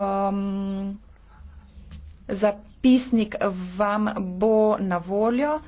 um, zapisnik vam bo na voljo.